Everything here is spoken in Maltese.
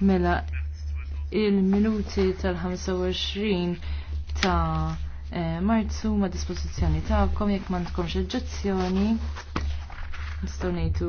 mela il-minuti tal-25 ta' eh, marzu ma' dispozizjoni ta'kom jekk ma' tkomx nistgħu ngħidu.